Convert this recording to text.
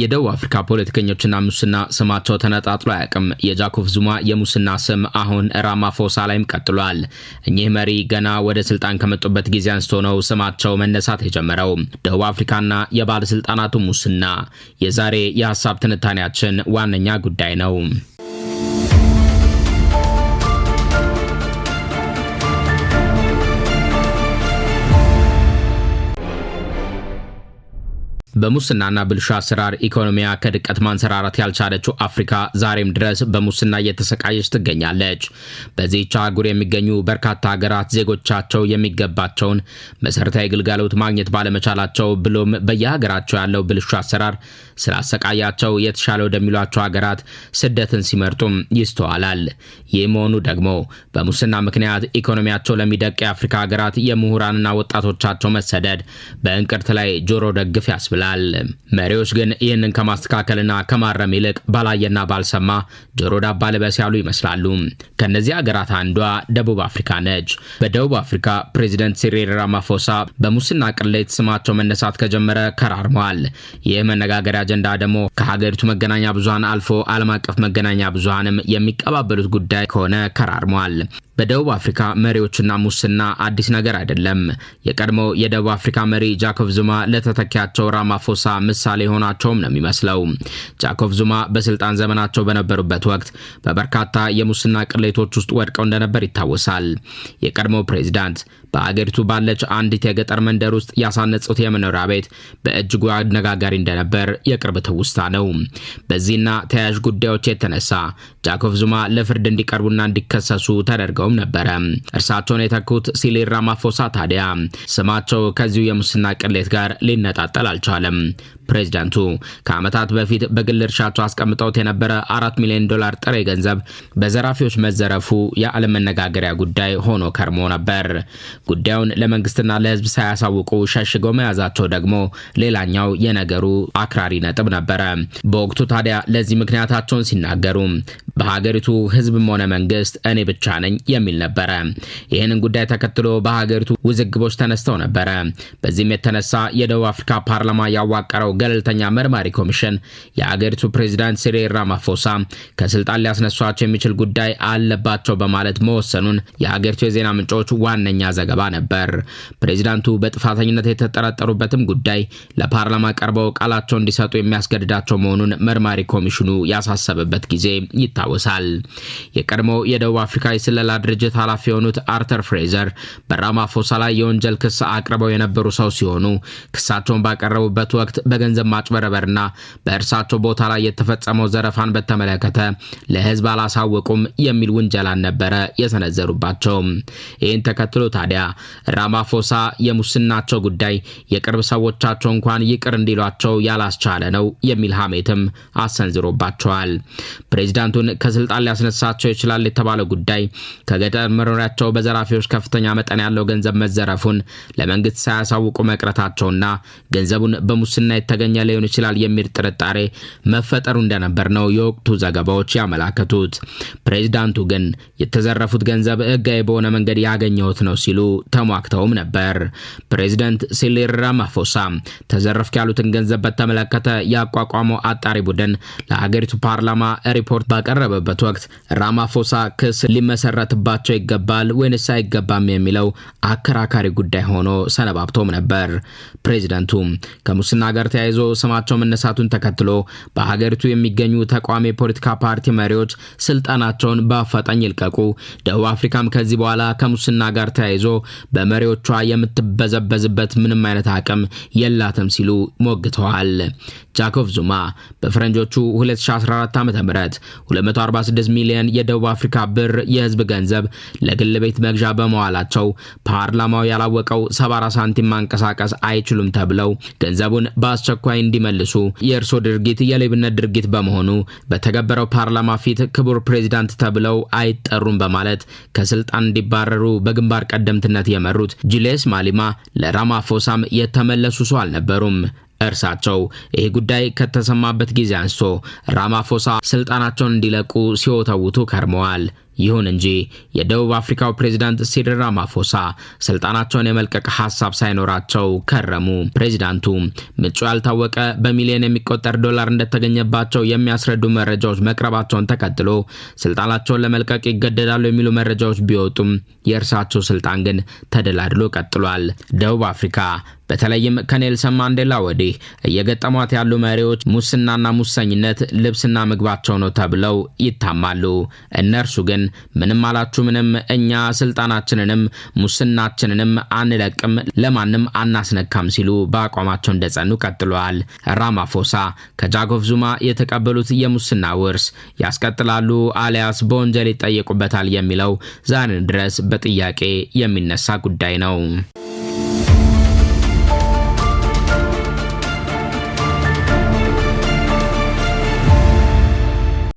የደቡብ አፍሪካ ፖለቲከኞችና ሙስና ስማቸው ተነጣጥሎ አያውቅም። የጃኮብ ዙማ የሙስና ስም አሁን ራማፎሳ ላይም ቀጥሏል። እኚህ መሪ ገና ወደ ስልጣን ከመጡበት ጊዜ አንስቶ ነው ስማቸው መነሳት የጀመረው። ደቡብ አፍሪካና የባለስልጣናቱ ሙስና የዛሬ የሀሳብ ትንታኔያችን ዋነኛ ጉዳይ ነው። በሙስናና ብልሹ አሰራር ኢኮኖሚያ ከድቀት ማንሰራራት ያልቻለችው አፍሪካ ዛሬም ድረስ በሙስና እየተሰቃየች ትገኛለች። በዚህች አህጉር የሚገኙ በርካታ ሀገራት ዜጎቻቸው የሚገባቸውን መሰረታዊ ግልጋሎት ማግኘት ባለመቻላቸው ብሎም በየሀገራቸው ያለው ብልሹ አሰራር ስላሰቃያቸው የተሻለ ወደሚሏቸው ሀገራት ስደትን ሲመርጡም ይስተዋላል። ይህ መሆኑ ደግሞ በሙስና ምክንያት ኢኮኖሚያቸው ለሚደቅ የአፍሪካ ሀገራት የምሁራንና ወጣቶቻቸው መሰደድ በእንቅርት ላይ ጆሮ ደግፍ ያስብላል። ይላል። መሪዎች ግን ይህንን ከማስተካከልና ከማረም ይልቅ ባላየና ባልሰማ ጆሮ ዳባ ልበስ ያሉ ይመስላሉ። ከእነዚህ ሀገራት አንዷ ደቡብ አፍሪካ ነች። በደቡብ አፍሪካ ፕሬዚደንት ሲሪል ራማፎሳ በሙስና ቅሌት ስማቸው መነሳት ከጀመረ ከራርመዋል። ይህ መነጋገሪያ አጀንዳ ደግሞ ከሀገሪቱ መገናኛ ብዙሀን አልፎ ዓለም አቀፍ መገናኛ ብዙሀንም የሚቀባበሉት ጉዳይ ከሆነ ከራርመዋል። በደቡብ አፍሪካ መሪዎችና ሙስና አዲስ ነገር አይደለም። የቀድሞ የደቡብ አፍሪካ መሪ ጃኮብ ዙማ ለተተኪያቸው ራማ ራፎሳ ምሳሌ የሆናቸውም ነው የሚመስለው። ጃኮብ ዙማ በስልጣን ዘመናቸው በነበሩበት ወቅት በበርካታ የሙስና ቅሌቶች ውስጥ ወድቀው እንደነበር ይታወሳል። የቀድሞ ፕሬዚዳንት በአገሪቱ ባለች አንዲት የገጠር መንደር ውስጥ ያሳነጹት የመኖሪያ ቤት በእጅጉ አነጋጋሪ እንደነበር የቅርብ ትውስታ ነው። በዚህና ተያያዥ ጉዳዮች የተነሳ ጃኮብ ዙማ ለፍርድ እንዲቀርቡና እንዲከሰሱ ተደርገውም ነበረ። እርሳቸውን የተኩት ሲሪል ራማፎሳ ታዲያ ስማቸው ከዚሁ የሙስና ቅሌት ጋር ሊነጣጠል አልቻለም። um, ፕሬዚዳንቱ ከዓመታት በፊት በግል እርሻቸው አስቀምጠውት የነበረ አራት ሚሊዮን ዶላር ጥሬ ገንዘብ በዘራፊዎች መዘረፉ የዓለም መነጋገሪያ ጉዳይ ሆኖ ከርሞ ነበር። ጉዳዩን ለመንግስትና ለህዝብ ሳያሳውቁ ሸሽገው መያዛቸው ደግሞ ሌላኛው የነገሩ አክራሪ ነጥብ ነበረ። በወቅቱ ታዲያ ለዚህ ምክንያታቸውን ሲናገሩ በሀገሪቱ ህዝብም ሆነ መንግስት እኔ ብቻ ነኝ የሚል ነበረ። ይህንን ጉዳይ ተከትሎ በሀገሪቱ ውዝግቦች ተነስተው ነበረ። በዚህም የተነሳ የደቡብ አፍሪካ ፓርላማ ያዋቀረው ገለልተኛ መርማሪ ኮሚሽን የአገሪቱ ፕሬዚዳንት ሲሪል ራማፎሳ ከስልጣን ሊያስነሷቸው የሚችል ጉዳይ አለባቸው በማለት መወሰኑን የአገሪቱ የዜና ምንጮች ዋነኛ ዘገባ ነበር። ፕሬዚዳንቱ በጥፋተኝነት የተጠረጠሩበትም ጉዳይ ለፓርላማ ቀርበው ቃላቸው እንዲሰጡ የሚያስገድዳቸው መሆኑን መርማሪ ኮሚሽኑ ያሳሰበበት ጊዜ ይታወሳል። የቀድሞ የደቡብ አፍሪካ የስለላ ድርጅት ኃላፊ የሆኑት አርተር ፍሬዘር በራማፎሳ ላይ የወንጀል ክስ አቅርበው የነበሩ ሰው ሲሆኑ ክሳቸውን ባቀረቡበት ወቅት በገ የገንዘብ ማጭበረበርና በእርሳቸው ቦታ ላይ የተፈጸመው ዘረፋን በተመለከተ ለህዝብ አላሳወቁም የሚል ውንጀላን ነበረ የሰነዘሩባቸው። ይህን ተከትሎ ታዲያ ራማፎሳ የሙስናቸው ጉዳይ የቅርብ ሰዎቻቸው እንኳን ይቅር እንዲሏቸው ያላስቻለ ነው የሚል ሀሜትም አሰንዝሮባቸዋል። ፕሬዚዳንቱን ከስልጣን ሊያስነሳቸው ይችላል የተባለው ጉዳይ ከገጠር መኖሪያቸው በዘራፊዎች ከፍተኛ መጠን ያለው ገንዘብ መዘረፉን ለመንግስት ሳያሳውቁ መቅረታቸውና ገንዘቡን በሙስና ጥገኛ ሊሆን ይችላል የሚል ጥርጣሬ መፈጠሩ እንደነበር ነው የወቅቱ ዘገባዎች ያመላከቱት። ፕሬዚዳንቱ ግን የተዘረፉት ገንዘብ ሕጋዊ በሆነ መንገድ ያገኘሁት ነው ሲሉ ተሟግተውም ነበር። ፕሬዚደንት ሲሪል ራማፎሳ ተዘረፍክ ያሉትን ገንዘብ በተመለከተ ያቋቋመው አጣሪ ቡድን ለሀገሪቱ ፓርላማ ሪፖርት ባቀረበበት ወቅት ራማፎሳ ክስ ሊመሰረትባቸው ይገባል ወይንስ አይገባም የሚለው አከራካሪ ጉዳይ ሆኖ ሰነባብቶም ነበር። ፕሬዚደንቱ ከሙስና ጋር ተያይዞ ስማቸው መነሳቱን ተከትሎ በሀገሪቱ የሚገኙ ተቋሚ የፖለቲካ ፓርቲ መሪዎች ስልጣናቸውን በአፋጣኝ ይልቀቁ፣ ደቡብ አፍሪካም ከዚህ በኋላ ከሙስና ጋር ተያይዞ በመሪዎቿ የምትበዘበዝበት ምንም አይነት አቅም የላትም ሲሉ ሞግተዋል። ጃኮብ ዙማ በፈረንጆቹ 2014 ዓ ም 246 ሚሊዮን የደቡብ አፍሪካ ብር የህዝብ ገንዘብ ለግል ቤት መግዣ በመዋላቸው ፓርላማው ያላወቀው 74 ሳንቲም ማንቀሳቀስ አይችሉም ተብለው ገንዘቡን በአስ በአስቸኳይ እንዲመልሱ የእርሶ ድርጊት የሌብነት ድርጊት በመሆኑ በተገበረው ፓርላማ ፊት ክቡር ፕሬዚዳንት ተብለው አይጠሩም በማለት ከስልጣን እንዲባረሩ በግንባር ቀደምትነት የመሩት ጁልየስ ማሊማ ለራማፎሳም የተመለሱ ሰው አልነበሩም። እርሳቸው ይህ ጉዳይ ከተሰማበት ጊዜ አንስቶ ራማፎሳ ስልጣናቸውን እንዲለቁ ሲወተውቱ ከርመዋል። ይሁን እንጂ የደቡብ አፍሪካው ፕሬዚዳንት ሲሪል ራማፎሳ ስልጣናቸውን የመልቀቅ ሀሳብ ሳይኖራቸው ከረሙ። ፕሬዚዳንቱ ምንጩ ያልታወቀ በሚሊዮን የሚቆጠር ዶላር እንደተገኘባቸው የሚያስረዱ መረጃዎች መቅረባቸውን ተከትሎ ስልጣናቸውን ለመልቀቅ ይገደዳሉ የሚሉ መረጃዎች ቢወጡም የእርሳቸው ስልጣን ግን ተደላድሎ ቀጥሏል። ደቡብ አፍሪካ በተለይም ከኔልሰን ማንዴላ ወዲህ እየገጠሟት ያሉ መሪዎች ሙስናና ሙሰኝነት ልብስና ምግባቸው ነው ተብለው ይታማሉ። እነርሱ ግን ምንም አላችሁ ምንም፣ እኛ ስልጣናችንንም ሙስናችንንም አንለቅም፣ ለማንም አናስነካም ሲሉ በአቋማቸው እንደጸኑ ቀጥለዋል። ራማፎሳ ከጃጎፍ ዙማ የተቀበሉት የሙስና ውርስ ያስቀጥላሉ አሊያስ በወንጀል ይጠየቁበታል የሚለው ዛሬ ድረስ በጥያቄ የሚነሳ ጉዳይ ነው።